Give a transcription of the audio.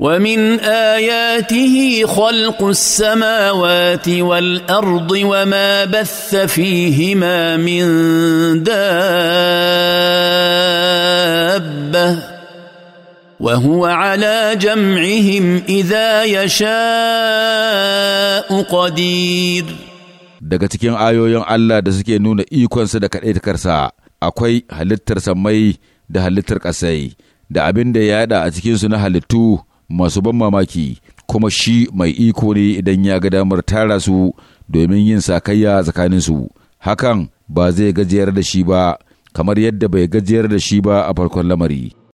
ومن اياته خلق السماوات والارض وما بث فيهما من دابه وهو على جمعهم اذا يشاء قدير daga cikin ayoyin Allah da suke nuna ikonsa da kaɗaitakarsa akwai halittar sammai da halittar ƙasai da abin da ya yada a cikinsu na halittu masu ban mamaki kuma shi mai iko ne idan ya ga damar tara su domin yin sakayya tsakanin su hakan ba zai gajiyar da shi ba kamar yadda bai gajiyar da shi ba a farkon lamari